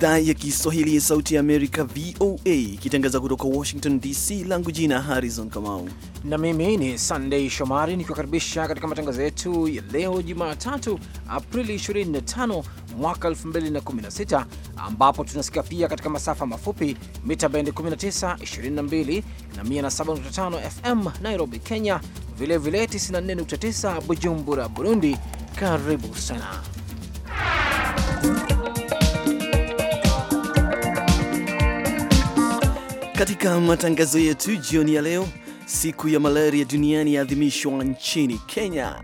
idhaa ya Kiswahili ya Sauti ya Amerika, VOA, ikitangaza kutoka Washington DC. Langu jina Harrison Kamau na mimi ni Sandei Shomari nikiwakaribisha katika matangazo yetu ya leo Jumatatu, Aprili 25 mwaka 2016, ambapo tunasikia pia katika masafa mafupi mita bendi 19, 22 na 107.5 FM Nairobi, Kenya, vilevile 94.9 Bujumbura, Burundi. Karibu sana Katika matangazo yetu jioni ya leo, siku ya malaria duniani yaadhimishwa nchini Kenya.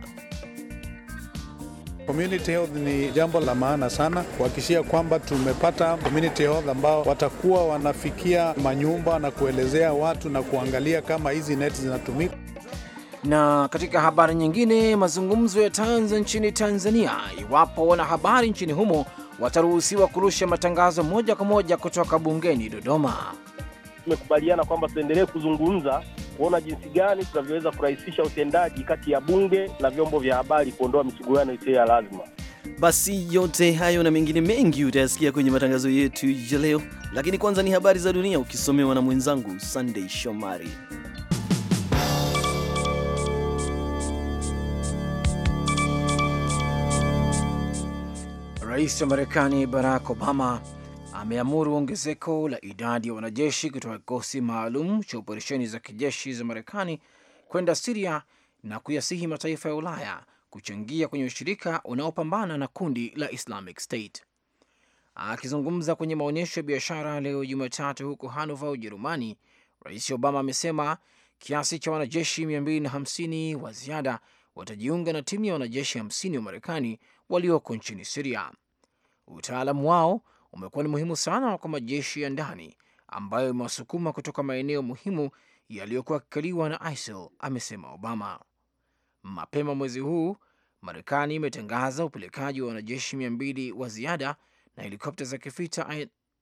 Community health ni jambo la maana sana, kuhakikishia kwamba tumepata community health ambao watakuwa wanafikia manyumba na kuelezea watu na kuangalia kama hizi neti zinatumika. Na katika habari nyingine, mazungumzo ya tanza nchini Tanzania, iwapo wanahabari nchini humo wataruhusiwa kurusha matangazo moja kwa moja kutoka bungeni Dodoma tumekubaliana kwamba tuendelee kuzungumza kuona jinsi gani tunavyoweza kurahisisha utendaji kati ya bunge na vyombo vya habari, kuondoa misuguano isiyo ya lazima. Basi yote hayo na mengine mengi utayasikia kwenye matangazo yetu ya leo, lakini kwanza ni habari za dunia ukisomewa na mwenzangu Sunday Shomari. Rais wa Marekani Barack Obama ameamuru ongezeko la idadi ya wanajeshi kutoka kikosi maalum cha operesheni za kijeshi za Marekani kwenda Siria na kuyasihi mataifa ya Ulaya kuchangia kwenye ushirika unaopambana na kundi la Islamic State. Akizungumza kwenye maonyesho ya biashara leo Jumatatu huko Hanova, Ujerumani, Rais Obama amesema kiasi cha wanajeshi 250 wa ziada watajiunga na timu ya wanajeshi 50 wa Marekani walioko nchini Siria. Utaalamu wao umekuwa ni muhimu sana kwa majeshi ya ndani ambayo imewasukuma kutoka maeneo muhimu yaliyokuwa yakikaliwa na ISIL, amesema Obama. Mapema mwezi huu Marekani imetangaza upelekaji wa wanajeshi mia mbili wa ziada na helikopta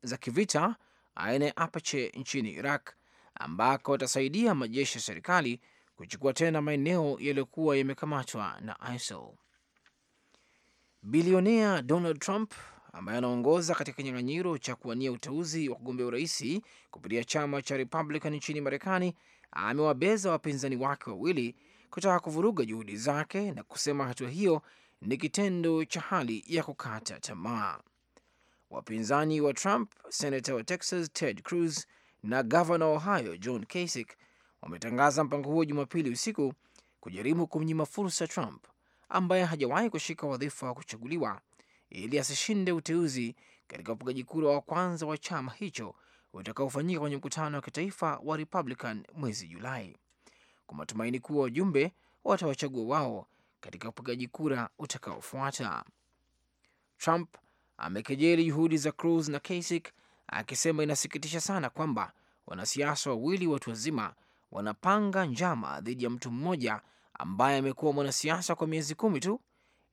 za kivita aina ya Apache nchini Iraq, ambako watasaidia majeshi ya serikali kuchukua tena maeneo yaliyokuwa yamekamatwa na ISIL. Bilionea Donald Trump ambaye anaongoza katika kinyang'anyiro cha kuwania uteuzi wa kugombea uraisi kupitia chama cha Republican nchini Marekani amewabeza wapinzani wake wawili kutaka kuvuruga juhudi zake na kusema hatua hiyo ni kitendo cha hali ya kukata tamaa. Wapinzani wa Trump, senata wa Texas Ted Cruz na gavana wa Ohio John Kasich wametangaza mpango huo Jumapili usiku kujaribu kumnyima fursa Trump ambaye hajawahi kushika wadhifa wa kuchaguliwa ili asishinde uteuzi katika upigaji kura wa kwanza wa chama hicho utakaofanyika kwenye mkutano wa kitaifa wa Republican mwezi Julai, kwa matumaini kuwa wajumbe watawachagua wao katika upigaji kura utakaofuata. Trump amekejeli juhudi za Cruz na Kasich akisema inasikitisha sana kwamba wanasiasa wawili watu wazima wanapanga njama dhidi ya mtu mmoja ambaye amekuwa mwanasiasa kwa miezi kumi tu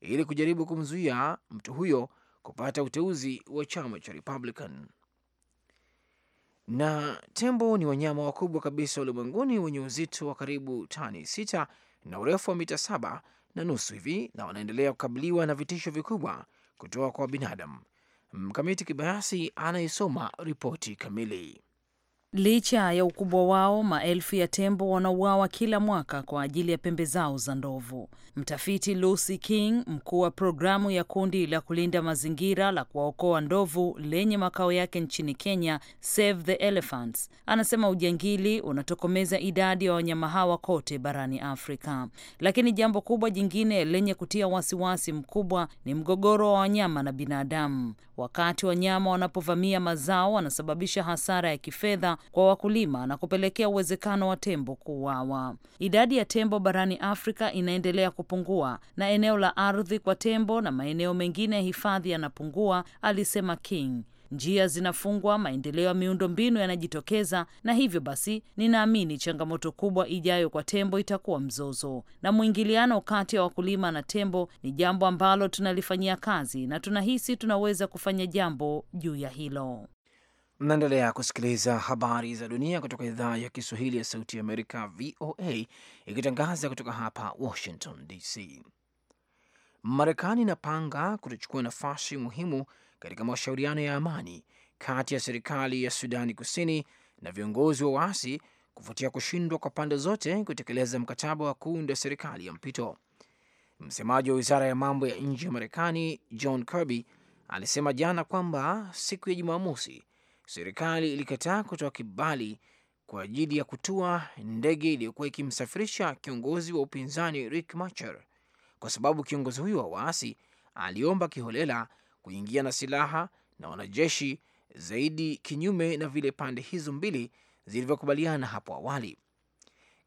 ili kujaribu kumzuia mtu huyo kupata uteuzi wa chama cha Republican. Na tembo ni wanyama wakubwa kabisa ulimwenguni wenye uzito wa karibu tani sita na urefu wa mita saba na nusu hivi, na wanaendelea kukabiliwa na vitisho vikubwa kutoka kwa binadamu. Mkamiti Kibayasi anayesoma ripoti kamili. Licha ya ukubwa wao, maelfu ya tembo wanauawa kila mwaka kwa ajili ya pembe zao za ndovu. Mtafiti Lucy King, mkuu wa programu ya kundi la kulinda mazingira la kuwaokoa ndovu lenye makao yake nchini Kenya, Save the Elephants, anasema ujangili unatokomeza idadi ya wanyama hawa kote barani Afrika. Lakini jambo kubwa jingine lenye kutia wasiwasi mkubwa ni mgogoro wa wanyama na binadamu. Wakati wanyama wanapovamia mazao, wanasababisha hasara ya kifedha kwa wakulima na kupelekea uwezekano wa tembo kuuawa. Idadi ya tembo barani Afrika inaendelea kupungua na eneo la ardhi kwa tembo na maeneo mengine ya hifadhi yanapungua, alisema King. Njia zinafungwa, maendeleo ya miundo mbinu yanajitokeza, na hivyo basi, ninaamini changamoto kubwa ijayo kwa tembo itakuwa mzozo na mwingiliano kati ya wakulima na tembo. Ni jambo ambalo tunalifanyia kazi na tunahisi tunaweza kufanya jambo juu ya hilo. Mnaendelea kusikiliza habari za dunia kutoka idhaa ya Kiswahili ya Sauti ya Amerika, VOA, ikitangaza kutoka hapa Washington DC. Marekani inapanga kutochukua nafasi muhimu katika mashauriano ya amani kati ya serikali ya Sudani Kusini na viongozi wa waasi kufuatia kushindwa kwa pande zote kutekeleza mkataba wa kuunda serikali ya mpito. Msemaji wa wizara ya mambo ya nje ya Marekani John Kirby alisema jana kwamba siku ya Jumamosi serikali ilikataa kutoa kibali kwa ajili ya kutua ndege iliyokuwa ikimsafirisha kiongozi wa upinzani rick macher kwa sababu kiongozi huyo wa waasi aliomba kiholela kuingia na silaha na wanajeshi zaidi, kinyume na vile pande hizo mbili zilivyokubaliana hapo awali.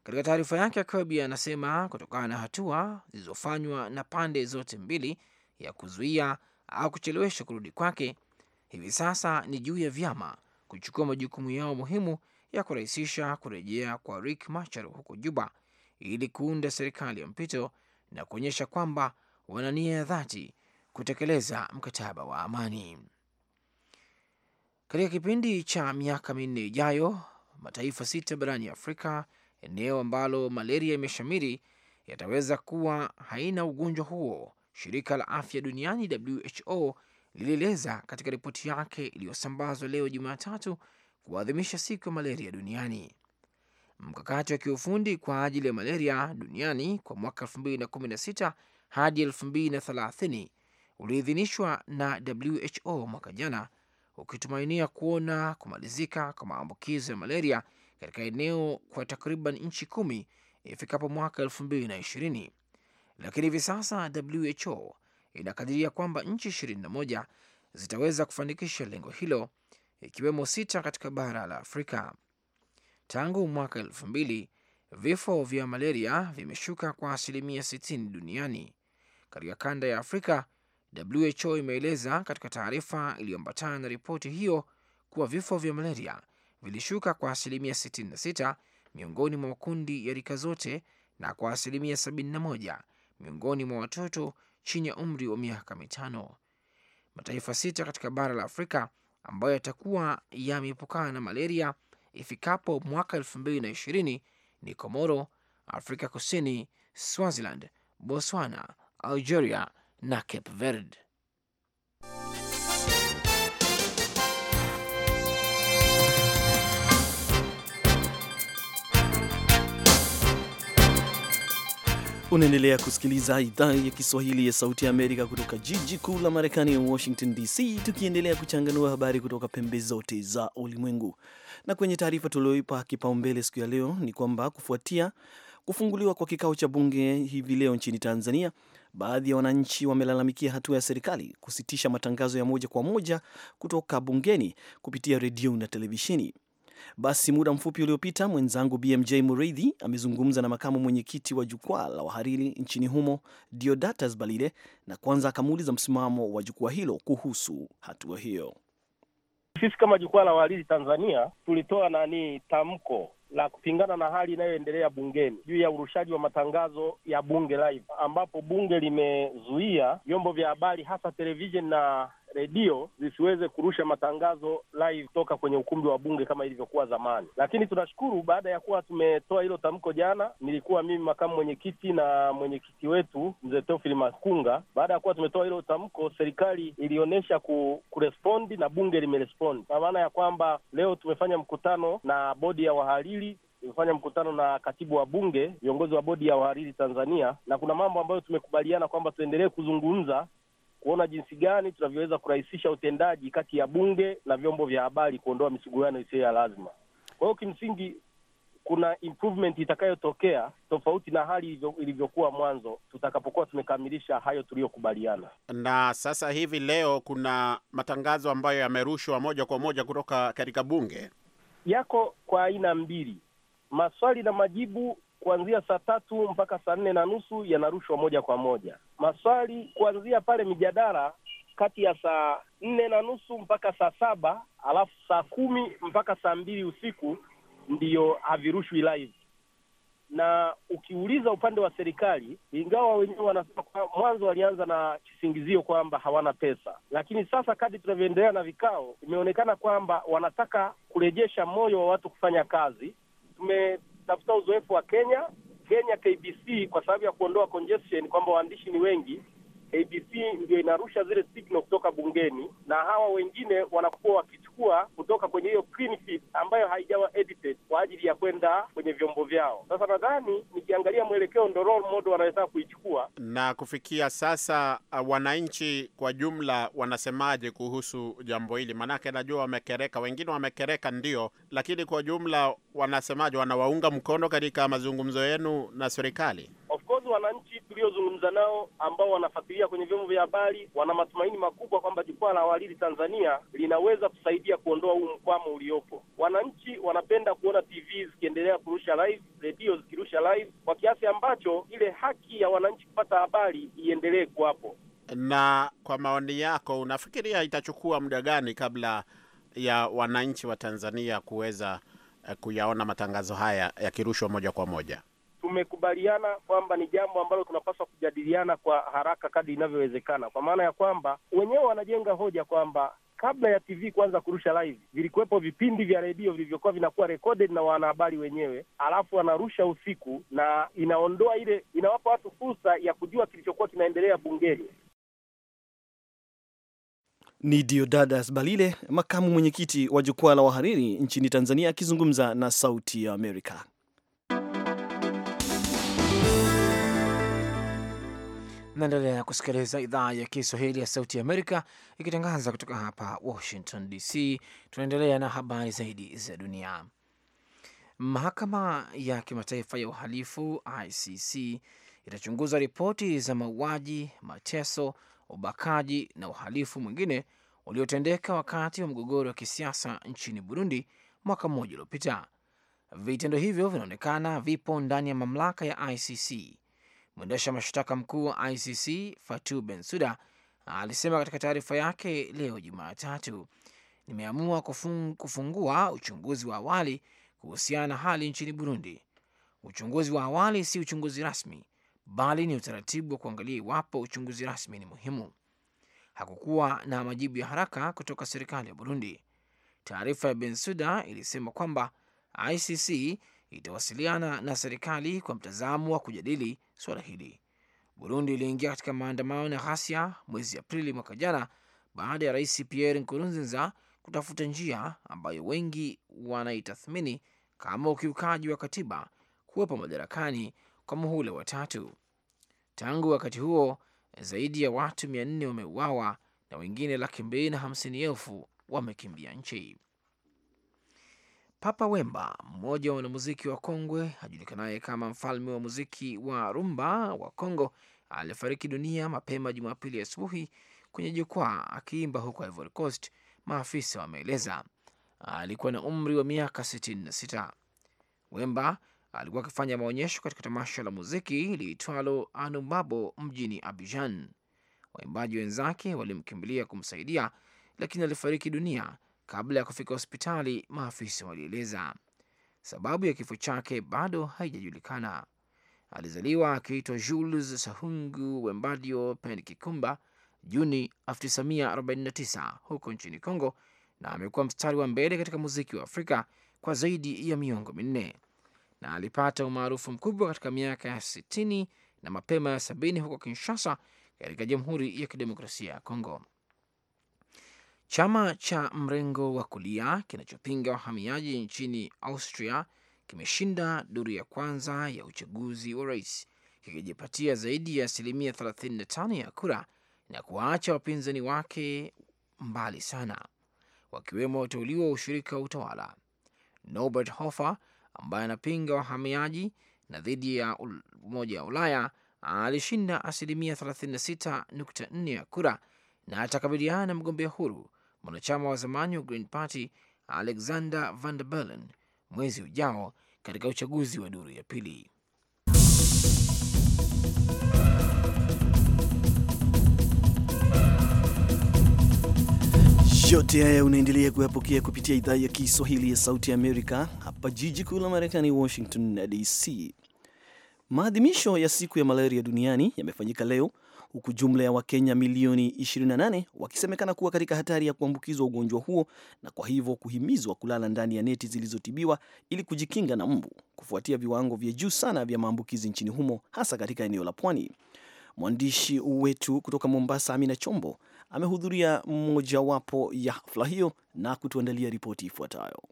Katika taarifa yake, Kirby anasema kutokana na hatua zilizofanywa na pande zote mbili ya kuzuia au kuchelewesha kurudi kwake, hivi sasa ni juu ya vyama kuchukua majukumu yao muhimu ya kurahisisha kurejea kwa rick Machar huko Juba ili kuunda serikali ya mpito na kuonyesha kwamba wana nia ya dhati kutekeleza mkataba wa amani. Katika kipindi cha miaka minne ijayo, mataifa sita barani Afrika, eneo ambalo malaria imeshamiri, yataweza kuwa haina ugonjwa huo, shirika la afya duniani WHO lilieleza katika ripoti yake iliyosambazwa leo Jumatatu kuadhimisha siku ya malaria duniani. Mkakati wa kiufundi kwa ajili ya malaria duniani kwa mwaka 2016 hadi 2030 uliidhinishwa na WHO mwaka jana ukitumainia kuona kumalizika kwa maambukizo ya malaria katika eneo kwa takriban nchi kumi ifikapo mwaka 2020, lakini hivi sasa WHO inakadiria kwamba nchi 21 zitaweza kufanikisha lengo hilo ikiwemo sita katika bara la Afrika. Tangu mwaka 2000 vifo vya malaria vimeshuka kwa asilimia 60 duniani. Katika kanda ya Afrika, WHO imeeleza katika taarifa iliyoambatana na ripoti hiyo kuwa vifo vya malaria vilishuka kwa asilimia 66 miongoni mwa makundi ya rika zote na kwa asilimia 71 miongoni mwa watoto chini ya umri wa miaka mitano. Mataifa sita katika bara la Afrika ambayo yatakuwa yameepukana na malaria ifikapo mwaka elfu mbili na ishirini ni Komoro, Afrika Kusini, Swaziland, Botswana, Algeria na Cape Verde. Unaendelea kusikiliza idhaa ya Kiswahili ya Sauti ya Amerika kutoka jiji kuu la Marekani ya Washington DC, tukiendelea kuchanganua habari kutoka pembe zote za ulimwengu. Na kwenye taarifa tulioipa kipaumbele siku ya leo ni kwamba kufuatia kufunguliwa kwa kikao cha bunge hivi leo nchini Tanzania, baadhi ya wananchi wamelalamikia hatua ya serikali kusitisha matangazo ya moja kwa moja kutoka bungeni kupitia redio na televisheni. Basi muda mfupi uliopita mwenzangu BMJ Mureithi amezungumza na makamu mwenyekiti wa jukwaa la wahariri nchini humo Diodatas Balile, na kwanza akamuuliza msimamo wa jukwaa hilo kuhusu hatua hiyo. Sisi kama jukwaa la wahariri Tanzania tulitoa nani tamko la kupingana na hali inayoendelea bungeni juu ya urushaji wa matangazo ya bunge live, ambapo bunge limezuia vyombo vya habari hasa televisheni na redio zisiweze kurusha matangazo live toka kwenye ukumbi wa bunge kama ilivyokuwa zamani. Lakini tunashukuru baada ya kuwa tumetoa hilo tamko jana, nilikuwa mimi makamu mwenyekiti na mwenyekiti wetu mzee Teofili Makunga. Baada ya kuwa tumetoa hilo tamko, serikali ilionyesha ku, kurespondi na bunge limerespondi, kwa maana ya kwamba leo tumefanya mkutano na bodi ya wahariri tumefanya mkutano na katibu wa bunge, viongozi wa bodi ya wahariri Tanzania, na kuna mambo ambayo tumekubaliana kwamba tuendelee kuzungumza kuona jinsi gani tunavyoweza kurahisisha utendaji kati ya bunge na vyombo vya habari, kuondoa misuguano isiyo ya lazima. Kwa hiyo kimsingi kuna improvement itakayotokea tofauti na hali ilivyokuwa mwanzo tutakapokuwa tumekamilisha hayo tuliyokubaliana. Na sasa hivi leo kuna matangazo ambayo yamerushwa moja kwa moja kutoka katika bunge, yako kwa aina mbili, maswali na majibu kuanzia saa tatu mpaka saa nne na nusu yanarushwa moja kwa moja, maswali kuanzia pale mijadala kati ya saa nne na nusu mpaka saa saba alafu saa kumi mpaka saa mbili usiku ndiyo havirushwi live. Na ukiuliza upande wa serikali, ingawa wenyewe wanasema mwanzo walianza na kisingizio kwamba hawana pesa, lakini sasa kadri tunavyoendelea na vikao, imeonekana kwamba wanataka kurejesha moyo wa watu kufanya kazi. Tumetafuta uzoefu wa Kenya Kenya KBC kwa sababu ya kuondoa congestion, kwamba waandishi ni wengi, ABC ndio inarusha zile signal kutoka bungeni, na hawa wengine wanakuwa wakichukua kutoka kwenye hiyo clean feed ambayo haijawa edited kwa ajili ya kwenda kwenye vyombo vyao. Sasa nadhani nikiangalia mwelekeo ndo role model wanaweza kuichukua. Na kufikia sasa, uh, wananchi kwa jumla wanasemaje kuhusu jambo hili? Maanake najua wamekereka, wengine wamekereka ndio, lakini kwa jumla wanasemaje? Wanawaunga mkono katika mazungumzo yenu na serikali? nazungumza nao ambao wanafuatilia kwenye vyombo vya habari wana matumaini makubwa kwamba jukwaa la wahariri Tanzania linaweza kusaidia kuondoa huu mkwamo uliopo. Wananchi wanapenda kuona TV zikiendelea kurusha live, redio zikirusha live kwa kiasi ambacho ile haki ya wananchi kupata habari iendelee kuwapo. Na kwa maoni yako, unafikiria itachukua muda gani kabla ya wananchi wa Tanzania kuweza eh, kuyaona matangazo haya yakirushwa moja kwa moja? tumekubaliana kwamba ni jambo ambalo tunapaswa kujadiliana kwa haraka kadri inavyowezekana, kwa maana ya kwamba wenyewe wanajenga hoja kwamba kabla ya TV kuanza kurusha live, vilikuwepo vipindi vya redio vilivyokuwa vinakuwa recorded na wanahabari wenyewe, alafu wanarusha usiku, na inaondoa ile, inawapa watu fursa ya kujua kilichokuwa kinaendelea bungeni. Ni Diodadas Balile, makamu mwenyekiti wa jukwaa la wahariri nchini Tanzania, akizungumza na Sauti ya Amerika. Naendelea kusikiliza idhaa ya Kiswahili ya Sauti Amerika ikitangaza kutoka hapa Washington DC. Tunaendelea na habari zaidi za dunia. Mahakama ya Kimataifa ya Uhalifu ICC itachunguza ripoti za mauaji, mateso, ubakaji na uhalifu mwingine uliotendeka wakati wa mgogoro wa kisiasa nchini Burundi mwaka mmoja uliopita. Vitendo hivyo vinaonekana vipo ndani ya mamlaka ya ICC Mwendesha mashtaka mkuu wa ICC Fatu Bensuda alisema katika taarifa yake leo Jumatatu, nimeamua kufungua uchunguzi wa awali kuhusiana na hali nchini Burundi. Uchunguzi wa awali si uchunguzi rasmi, bali ni utaratibu wa kuangalia iwapo uchunguzi rasmi ni muhimu. Hakukuwa na majibu ya haraka kutoka serikali ya Burundi. Taarifa ya Bensuda ilisema kwamba ICC itawasiliana na serikali kwa mtazamo wa kujadili suala hili. Burundi iliingia katika maandamano na ghasia mwezi Aprili mwaka jana baada ya rais Pierre Nkurunziza kutafuta njia ambayo wengi wanaitathmini kama ukiukaji wa katiba kuwepo madarakani kwa muhula wa tatu. Tangu wakati huo zaidi ya watu mia nne wameuawa na wengine laki mbili na hamsini elfu wamekimbia nchi. Papa Wemba, mmoja wa wanamuziki wa kongwe ajulikanaye kama mfalme wa muziki wa rumba wa Kongo, alifariki dunia mapema Jumapili asubuhi kwenye jukwaa akiimba huko Ivory Coast, maafisa wameeleza. Alikuwa na umri wa miaka 66. Wemba alikuwa akifanya maonyesho katika tamasha la muziki liitwalo Anubabo mjini Abidjan. Waimbaji wenzake walimkimbilia kumsaidia, lakini alifariki dunia Kabla ya kufika hospitali, maafisa walieleza sababu ya kifo chake bado haijajulikana. Alizaliwa akiitwa Jules Sahungu Wembadio pen kikumba Juni 1949 huko nchini Kongo, na amekuwa mstari wa mbele katika muziki wa Afrika kwa zaidi ya miongo minne, na alipata umaarufu mkubwa katika miaka ya 60 na mapema ya 70 huko Kinshasa, katika Jamhuri ya Kidemokrasia ya Kongo. Chama cha mrengo wa kulia kinachopinga wahamiaji nchini Austria kimeshinda duru ya kwanza ya uchaguzi wa rais kikijipatia zaidi ya asilimia 35 ya kura na kuwaacha wapinzani wake mbali sana, wakiwemo wateuliwa wa ushirika wa utawala. Norbert Hofer ambaye anapinga wahamiaji na dhidi ya Umoja wa Ulaya alishinda asilimia 36.4 ya kura na atakabiliana na mgombea huru mwanachama wa zamani wa Green Party Alexander Van der Bellen mwezi ujao katika uchaguzi wa duru ya pili. Yote haya unaendelea kuyapokea kupitia idhaa ya Kiswahili ya Sauti ya Amerika hapa jiji kuu la Marekani, Washington DC. Maadhimisho ya siku ya malaria duniani yamefanyika leo huku jumla ya Wakenya milioni 28 wakisemekana kuwa katika hatari ya kuambukizwa ugonjwa huo na kwa hivyo kuhimizwa kulala ndani ya neti zilizotibiwa ili kujikinga na mbu, kufuatia viwango vya juu sana vya maambukizi nchini humo, hasa katika eneo la pwani. Mwandishi wetu kutoka Mombasa, Amina Chombo, amehudhuria mojawapo ya hafla hiyo na kutuandalia ripoti ifuatayo.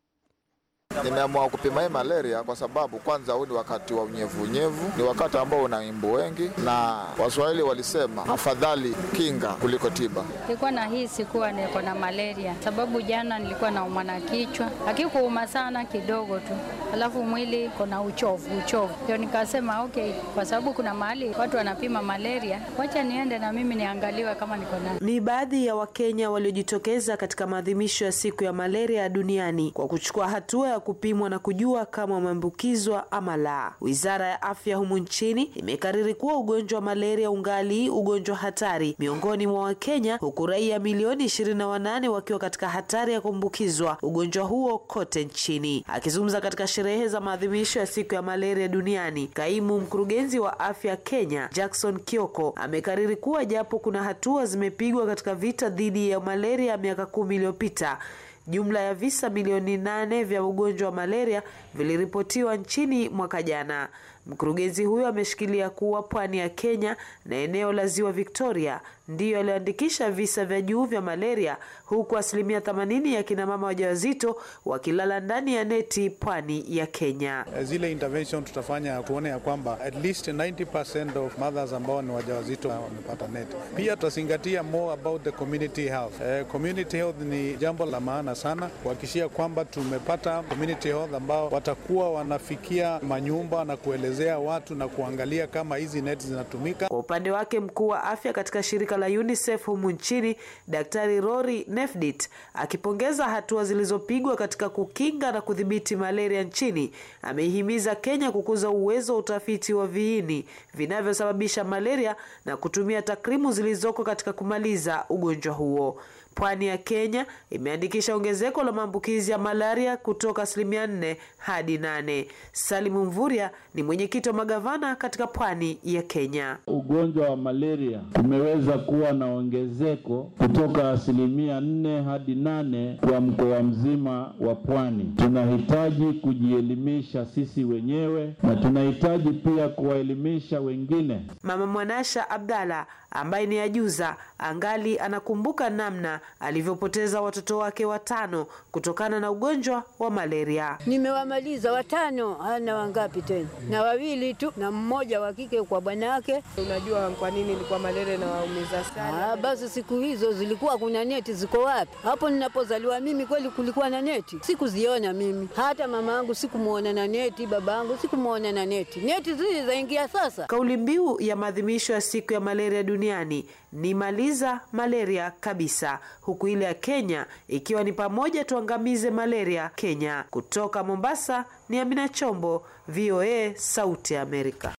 Nimeamua kupima hii malaria kwa sababu kwanza, huu ni wakati wa unyevunyevu, ni wakati ambao una imbo wengi, na Waswahili walisema afadhali kinga kuliko tiba. Nilikuwa na hisi kuwa niko na malaria sababu jana nilikuwa naumwa na kichwa, lakini kuuma sana kidogo tu, alafu mwili kuna uchovu uchovu, ndio nikasema okay, kwa sababu kuna mahali watu wanapima malaria, wacha niende na mimi niangaliwe kama niko na. Ni baadhi ya Wakenya waliojitokeza katika maadhimisho ya siku ya malaria duniani kwa kuchukua hatua ya kupimwa na kujua kama wameambukizwa ama la. Wizara ya afya humu nchini imekariri kuwa ugonjwa wa malaria ungali ugonjwa hatari miongoni mwa Wakenya, huku raia milioni ishirini na wanane wakiwa katika hatari ya kuambukizwa ugonjwa huo kote nchini. Akizungumza katika sherehe za maadhimisho ya siku ya malaria duniani, kaimu mkurugenzi wa afya Kenya Jackson Kioko amekariri kuwa japo kuna hatua zimepigwa katika vita dhidi ya malaria ya miaka kumi iliyopita Jumla ya visa milioni nane vya ugonjwa wa malaria viliripotiwa nchini mwaka jana. Mkurugenzi huyo ameshikilia kuwa pwani ya Kenya na eneo la ziwa Victoria ndiyo yaliyoandikisha visa vya juu vya malaria, huku asilimia 80 ya kinamama wajawazito wakilala ndani ya neti pwani ya Kenya. Zile intervention tutafanya kuona ya kwamba at least 90% of mothers ambao ni wajawazito wamepata neti. Pia tutazingatia more about the community health. Eh, community health ni jambo la maana sana kuhakikishia kwamba tumepata community health ambao watakuwa wanafikia manyumba na kueleza kuelezea watu na kuangalia kama hizi neti zinatumika. Kwa upande wake, mkuu wa afya katika shirika la UNICEF humu nchini Daktari Rory Nefdit akipongeza hatua zilizopigwa katika kukinga na kudhibiti malaria nchini, ameihimiza Kenya kukuza uwezo wa utafiti wa viini vinavyosababisha malaria na kutumia takrimu zilizoko katika kumaliza ugonjwa huo. Pwani ya Kenya imeandikisha ongezeko la maambukizi ya malaria kutoka asilimia nne hadi nane. Salimu Mvurya ni mwenyekiti wa magavana katika pwani ya Kenya. Ugonjwa wa malaria umeweza kuwa na ongezeko kutoka asilimia nne hadi nane kwa mkoa mzima wa pwani. Tunahitaji kujielimisha sisi wenyewe na tunahitaji pia kuwaelimisha wengine. Mama Mwanasha Abdalla ambaye ni ajuza angali anakumbuka namna alivyopoteza watoto wake watano kutokana na ugonjwa wa malaria. Nimewamaliza watano, hana wangapi tena, na wawili tu na mmoja wa kike kwa bwana wake. Unajua kwa nini ilikuwa malaria inawaumiza sana? Ah, basi siku hizo zilikuwa kuna neti, ziko wapi? Hapo ninapozaliwa mimi kweli kulikuwa na neti, sikuziona mimi, hata mama yangu sikumwona na neti, baba yangu sikumwona na neti. Neti zile zaingia sasa. Kauli mbiu ya maadhimisho ya siku ya malaria duniani duniani ni maliza malaria kabisa, huku ile ya Kenya ikiwa ni pamoja tuangamize malaria Kenya. Kutoka Mombasa ni Amina Chombo, VOA Sauti Amerika.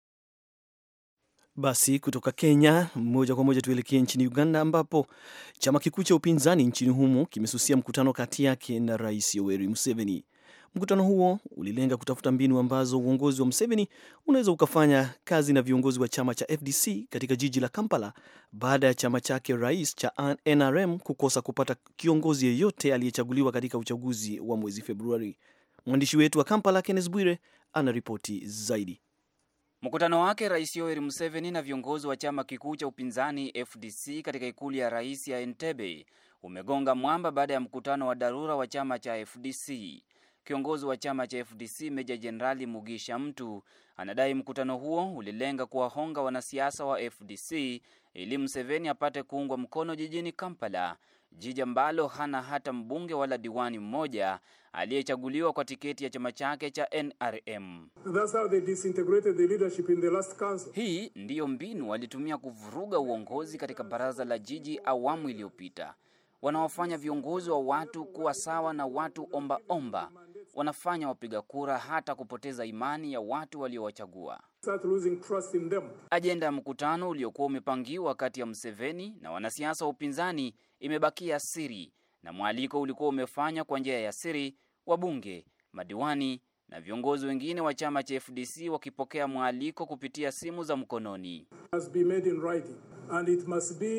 Basi kutoka Kenya moja kwa moja tuelekee nchini Uganda, ambapo chama kikuu cha upinzani nchini humo kimesusia mkutano kati yake na Rais Yoweri Museveni. Mkutano huo ulilenga kutafuta mbinu ambazo uongozi wa Museveni unaweza ukafanya kazi na viongozi wa chama cha FDC katika jiji la Kampala baada ya chama chake rais cha NRM kukosa kupata kiongozi yeyote aliyechaguliwa katika uchaguzi wa mwezi Februari. Mwandishi wetu wa Kampala Kenneth Bwire anaripoti zaidi. Mkutano wake Rais Yoweri Museveni na viongozi wa chama kikuu cha upinzani FDC katika ikulu ya rais ya Entebbe umegonga mwamba baada ya mkutano wa dharura wa chama cha FDC. Kiongozi wa chama cha FDC Meja Jenerali Mugisha Mtu anadai mkutano huo ulilenga kuwahonga wanasiasa wa FDC ili mseveni apate kuungwa mkono jijini Kampala, jiji ambalo hana hata mbunge wala diwani mmoja aliyechaguliwa kwa tiketi ya chama chake cha NRM. Hii ndiyo mbinu walitumia kuvuruga uongozi katika baraza la jiji awamu iliyopita, wanaofanya viongozi wa watu kuwa sawa na watu omba omba wanafanya wapiga kura hata kupoteza imani ya watu waliowachagua. Ajenda ya mkutano uliokuwa umepangiwa kati ya mseveni na wanasiasa wa upinzani imebakia siri, na mwaliko ulikuwa umefanya kwa njia ya siri, wabunge, madiwani na viongozi wengine wa chama cha FDC wakipokea mwaliko kupitia simu za mkononi.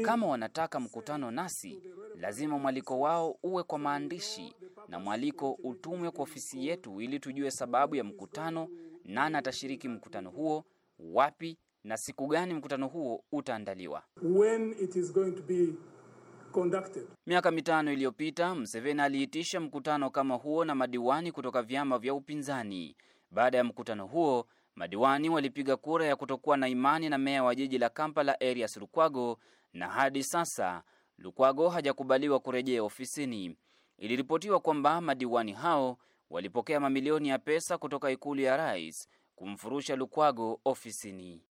Kama wanataka mkutano nasi, lazima mwaliko wao uwe kwa maandishi na mwaliko utumwe kwa ofisi yetu ili tujue sababu ya mkutano, nani atashiriki mkutano huo, wapi na siku gani mkutano huo utaandaliwa. When it is going to be conducted. Miaka mitano iliyopita Mseveni aliitisha mkutano kama huo na madiwani kutoka vyama vya upinzani. Baada ya mkutano huo, madiwani walipiga kura ya kutokuwa na imani na meya wa jiji la Kampala Erias Lukwago, na hadi sasa Lukwago hajakubaliwa kurejea ofisini. Iliripotiwa kwamba madiwani hao walipokea mamilioni ya pesa kutoka ikulu ya rais kumfurusha Lukwago ofisini.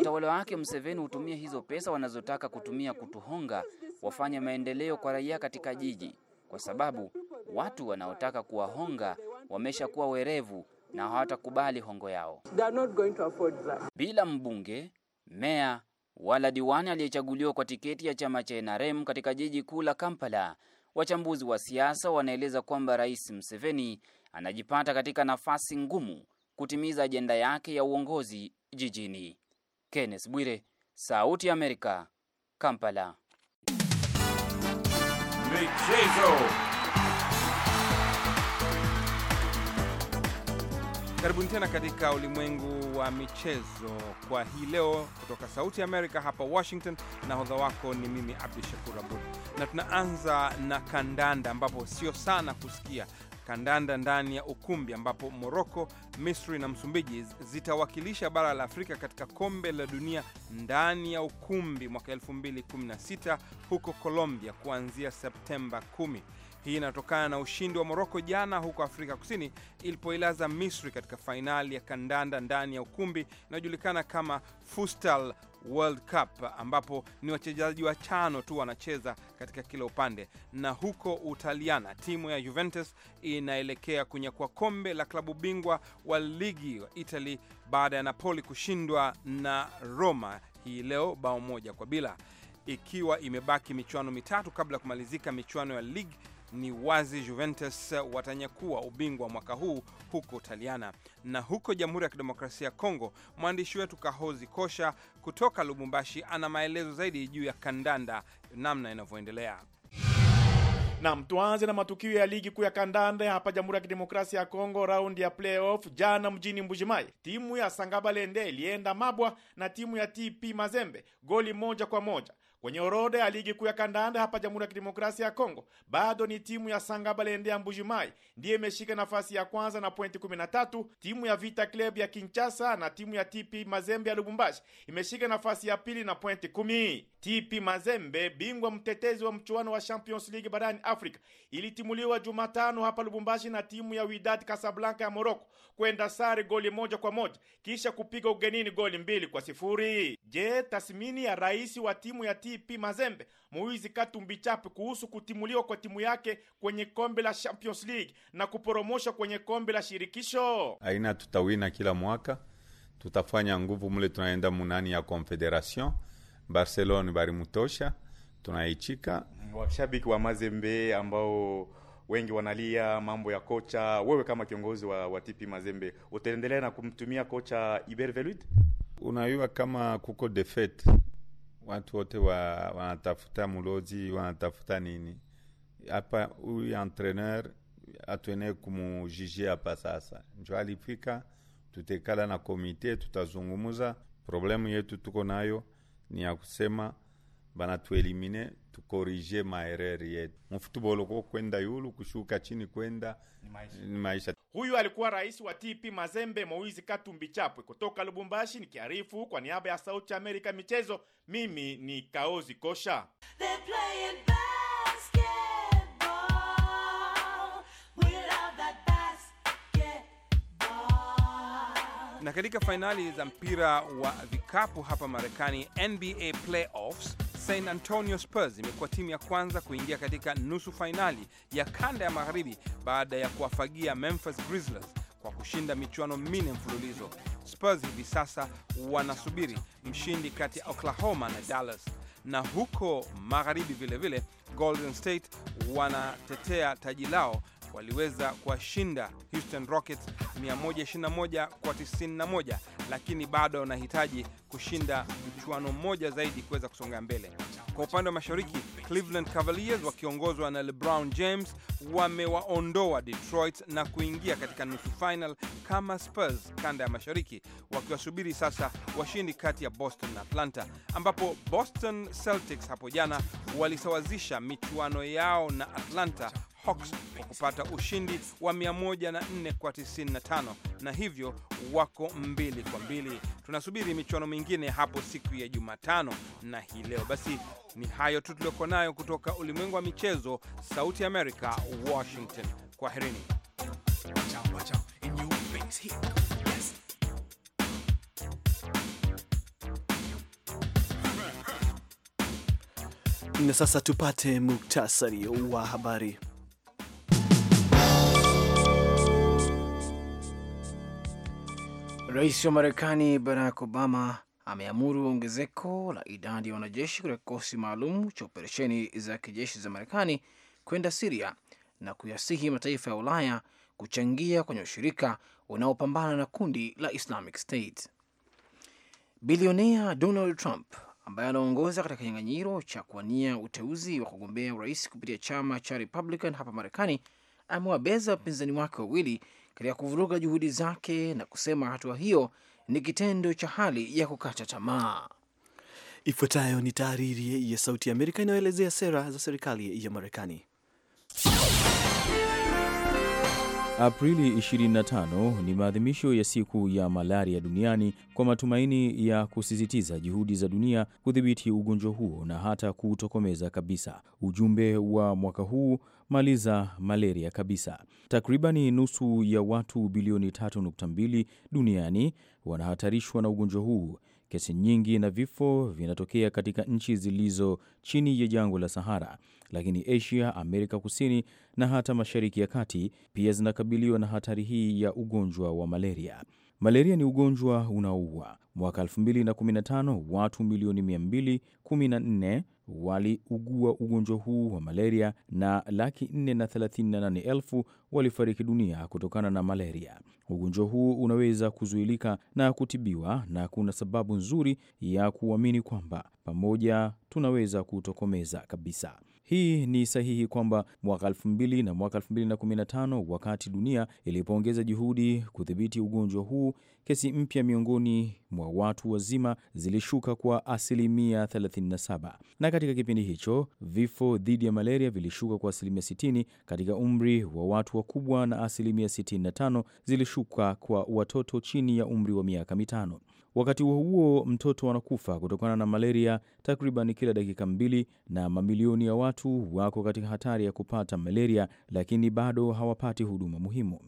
Utawala wake Mseveni hutumia hizo pesa wanazotaka kutumia kutuhonga, wafanye maendeleo kwa raia katika jiji, kwa sababu watu wanaotaka kuwahonga wameshakuwa werevu na hawatakubali hongo yao. Bila mbunge, meya wala diwani aliyechaguliwa kwa tiketi ya chama cha NRM katika jiji kuu la Kampala. Wachambuzi wa siasa wanaeleza kwamba Rais Museveni anajipata katika nafasi ngumu kutimiza ajenda yake ya uongozi jijini. Kenneth Bwire, Sauti ya Amerika, Kampala. Michezo. Karibuni tena katika ulimwengu wa michezo kwa hii leo, kutoka Sauti ya Amerika hapa Washington. Nahodha wako ni mimi Abdu Shakur Abud, na tunaanza na kandanda, ambapo sio sana kusikia kandanda ndani ya ukumbi, ambapo Moroko, Misri na Msumbiji zitawakilisha bara la Afrika katika kombe la dunia ndani ya ukumbi mwaka 2016 huko Colombia kuanzia Septemba hii inatokana na ushindi wa Moroko jana huko Afrika Kusini ilipoilaza Misri katika fainali ya kandanda ndani ya ukumbi inayojulikana kama Fustal World Cup ambapo ni wachezaji watano tu wanacheza katika kila upande. Na huko Utaliana, timu ya Juventus inaelekea kunyakua kombe la klabu bingwa wa ligi wa Italy baada ya Napoli kushindwa na Roma hii leo bao moja kwa bila, ikiwa imebaki michuano mitatu kabla ya kumalizika michuano ya ligi ni wazi Juventus watanyakua ubingwa mwaka huu huko Italiana. Na huko Jamhuri ya Kidemokrasia ya Kongo, mwandishi wetu Kahozi Kosha kutoka Lubumbashi ana maelezo zaidi juu ya kandanda namna inavyoendelea. Nam, tuanze na matukio ya ligi kuu ya kandanda hapa Jamhuri ya Kidemokrasia ya Kongo, raundi ya playoff. Jana mjini Mbujimai, timu ya Sangabalende ilienda mabwa na timu ya TP Mazembe goli moja kwa moja. Kwenye orodha ya ligi kuu ya kandanda hapa Jamhuri ya Kidemokrasia ya Kongo, bado ni timu ya Sangabalende ya Mbujimai ndiye imeshika nafasi ya kwanza na pointi 13. Timu ya Vita Club ya Kinshasa na timu ya TP Mazembe ya Lubumbashi imeshika nafasi ya pili na pointi kumi. TP Mazembe, bingwa mtetezi wa mchuano wa Champions League barani Afrika, ilitimuliwa Jumatano hapa Lubumbashi na timu ya widad Kasablanka ya Moroko kwenda sare goli moja kwa moja kisha kupiga ugenini goli mbili kwa sifuri. Je, tathmini ya rais wa timu ya TP P Mazembe Moizi Katumbi Chape kuhusu kutimuliwa kwa timu yake kwenye kombe la Champions League na kuporomosha kwenye kombe la shirikisho. Aina tutawina kila mwaka, tutafanya nguvu mule, tunaenda munani ya Confederation Barcelona barimutosha, tunaichika washabiki wa Mazembe ambao wengi wanalia mambo ya kocha. Wewe kama kiongozi wa, wa TP Mazembe utaendelea na kumtumia kocha Iber Velud? Unayua kama kuko defete watu wote wa, wanatafuta mulozi wanatafuta nini hapa. Huyu entraîneur atwene kumujiji hapa sasa, njo alifika. Tutekala na komite, tutazungumuza problemu yetu tuko nayo, ni ya kusema banatuelimine tukorije maereri yetu mufutubolo, ko kwenda yulu kushuka chini kwenda ni maisha Huyu alikuwa rais wa TP Mazembe Moizi Katumbi Chapwe. Kutoka Lubumbashi nikiarifu kwa niaba ya Sauti ya Amerika michezo, mimi ni Kaozi Kosha. Na katika fainali za mpira wa vikapu hapa Marekani, NBA playoffs San Antonio Spurs imekuwa timu ya kwanza kuingia katika nusu fainali ya kanda ya magharibi baada ya kuwafagia Memphis Grizzlies kwa kushinda michuano minne mfululizo. Spurs hivi sasa wanasubiri mshindi kati ya Oklahoma na Dallas. Na huko magharibi vilevile, Golden State wanatetea taji lao, waliweza kuwashinda Houston Rockets 121 kwa 91, lakini bado wanahitaji kushinda mchuano mmoja zaidi kuweza kusonga mbele. Kwa upande wa mashariki, Cleveland Cavaliers wakiongozwa na LeBron James wamewaondoa Detroit na kuingia katika nusu final kama Spurs kanda ya mashariki, wakiwasubiri sasa washindi kati ya Boston na Atlanta, ambapo Boston Celtics hapo jana walisawazisha michuano yao na Atlanta Hawks kwa kupata ushindi wa 104 kwa tano na hivyo wako mbili kwa mbili. Tunasubiri michuano mingine hapo siku ya Jumatano na hii leo. Basi ni hayo tu tuliyoko nayo kutoka ulimwengu wa michezo. Sauti ya Amerika, Washington. Kwaherini. Na sasa tupate muktasari wa habari. Rais wa Marekani Barack Obama ameamuru ongezeko la idadi ya wanajeshi katika kikosi maalum cha operesheni za kijeshi za Marekani kwenda Siria na kuyasihi mataifa ya Ulaya kuchangia kwenye ushirika unaopambana na kundi la Islamic State. Bilionea Donald Trump ambaye anaongoza katika kinyang'anyiro cha kuwania uteuzi wa kugombea urais kupitia chama cha Republican hapa Marekani amewabeza wapinzani wake wawili katika kuvuruga juhudi zake na kusema hatua hiyo ni kitendo cha hali ya kukata tamaa. Ifuatayo ni tahariri ya Sauti ya Amerika inayoelezea sera za serikali ya Marekani. Aprili 25 ni maadhimisho ya siku ya malaria duniani kwa matumaini ya kusisitiza juhudi za dunia kudhibiti ugonjwa huo na hata kuutokomeza kabisa. Ujumbe wa mwaka huu kumaliza malaria kabisa. Takribani nusu ya watu bilioni 3.2 duniani wanahatarishwa na ugonjwa huu. Kesi nyingi na vifo vinatokea katika nchi zilizo chini ya jangwa la Sahara, lakini Asia, Amerika Kusini na hata Mashariki ya Kati pia zinakabiliwa na hatari hii ya ugonjwa wa malaria. Malaria ni ugonjwa unaoua. Mwaka 2015 watu milioni 214 waliugua ugonjwa huu wa malaria na laki 4 na 38 elfu walifariki dunia kutokana na malaria. Ugonjwa huu unaweza kuzuilika na kutibiwa, na kuna sababu nzuri ya kuamini kwamba pamoja tunaweza kutokomeza kabisa. Hii ni sahihi kwamba mwaka 2000 na mwaka 2015 wakati dunia ilipoongeza juhudi kudhibiti ugonjwa huu, kesi mpya miongoni mwa watu wazima zilishuka kwa asilimia 37, na katika kipindi hicho vifo dhidi ya malaria vilishuka kwa asilimia 60 katika umri wa watu wakubwa na asilimia 65 zilishuka kwa watoto chini ya umri wa miaka mitano. Wakati huo huo, mtoto anakufa kutokana na malaria takriban kila dakika mbili, na mamilioni ya watu wako katika hatari ya kupata malaria, lakini bado hawapati huduma muhimu.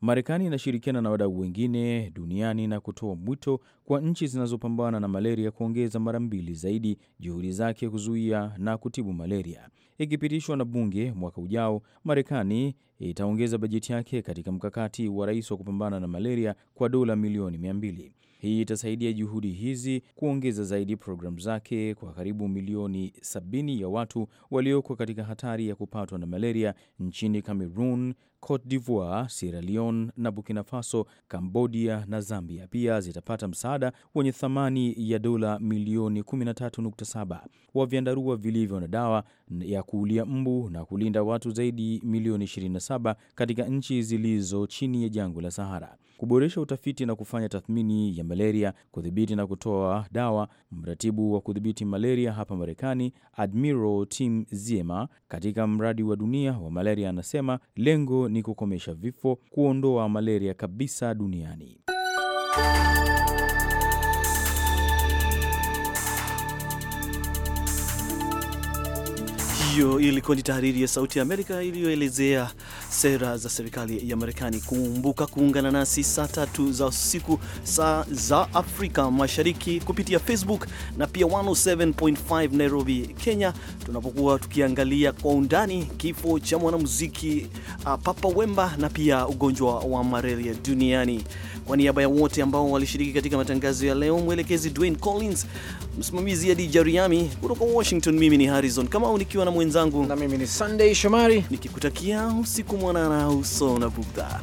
Marekani inashirikiana na wadau wengine duniani na kutoa mwito kwa nchi zinazopambana na malaria kuongeza mara mbili zaidi juhudi zake kuzuia na kutibu malaria. Ikipitishwa na bunge mwaka ujao, Marekani itaongeza bajeti yake katika mkakati wa rais wa kupambana na malaria kwa dola milioni mia mbili. Hii itasaidia juhudi hizi kuongeza zaidi programu zake kwa karibu milioni sabini ya watu walioko katika hatari ya kupatwa na malaria nchini Cameroon Cote d'Ivoire, Sierra Leone na Burkina Faso, Cambodia na Zambia pia zitapata msaada wenye thamani ya dola milioni 13.7 wa vyandarua vilivyo na dawa ya kuulia mbu na kulinda watu zaidi milioni 27 katika nchi zilizo chini ya jangwa la Sahara, kuboresha utafiti na kufanya tathmini ya malaria, kudhibiti na kutoa dawa. Mratibu wa kudhibiti malaria hapa Marekani, Admiral Tim Ziema, katika mradi wa dunia wa malaria anasema lengo ni kukomesha vifo, kuondoa malaria kabisa duniani. Hiyo ilikuwa ni tahariri ya Sauti ya Amerika iliyoelezea sera za serikali ya Marekani. Kumbuka kuungana nasi saa tatu za usiku saa za Afrika Mashariki kupitia Facebook na pia 107.5 Nairobi, Kenya, tunapokuwa tukiangalia kwa undani kifo cha mwanamuziki uh, Papa Wemba na pia ugonjwa wa malaria duniani. Kwa niaba ya wote ambao walishiriki katika matangazo ya leo, mwelekezi Dwayne Collins, msimamizi ya DJ Riami kutoka Washington. Mimi ni Harrison Kamau nikiwa na mwenzangu na mimi ni Sunday Shomari nikikutakia usiku mwanana uso na bugdha.